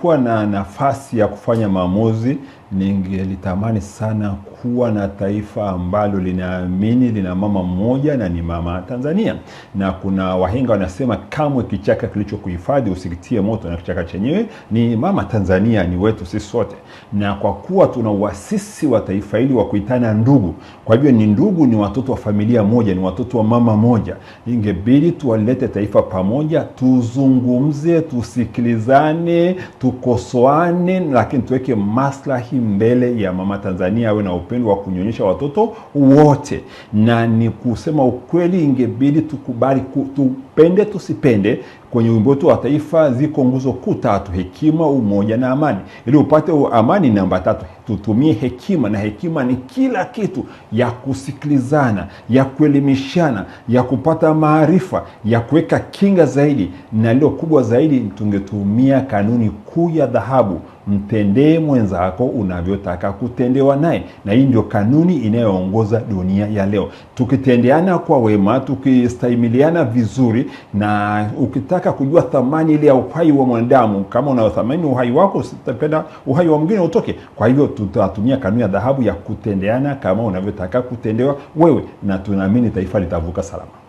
kuwa na nafasi ya kufanya maamuzi ningelitamani sana kuwa na taifa ambalo linaamini lina mama mmoja na ni mama Tanzania. Na kuna wahenga wanasema, kamwe kichaka kilichokuhifadhi usikitie moto, na kichaka chenyewe ni mama Tanzania, ni wetu sisi sote. Na kwa kuwa tuna uasisi wa taifa hili wa kuitana ndugu, kwa hivyo ni ndugu, ni watoto wa familia moja, ni watoto wa mama moja, ingebidi tuwalete taifa pamoja, tuzungumze, tusikilizane, tukosoane, lakini tuweke maslahi mbele ya mama Tanzania awe na upendo wa kunyonyesha watoto wote, na ni kusema ukweli, ingebidi tukubali tupende tusipende. Kwenye wimbo wetu wa taifa ziko nguzo kuu tatu: hekima, umoja na amani. Ili upate amani, namba tatu, tutumie hekima, na hekima ni kila kitu, ya kusikilizana, ya kuelimishana, ya kupata maarifa, ya kuweka kinga zaidi, na lilo kubwa zaidi, tungetumia kanuni kuu ya dhahabu mtendee mwenzako unavyotaka kutendewa naye. Na hii ndio kanuni inayoongoza dunia ya leo. Tukitendeana kwa wema, tukistahimiliana vizuri, na ukitaka kujua thamani ile ya uhai wa mwanadamu, kama unaothamani uhai wako, usitapenda uhai wa mwingine utoke. Kwa hivyo, tutatumia kanuni ya dhahabu ya kutendeana kama unavyotaka kutendewa wewe, na tunaamini taifa litavuka salama.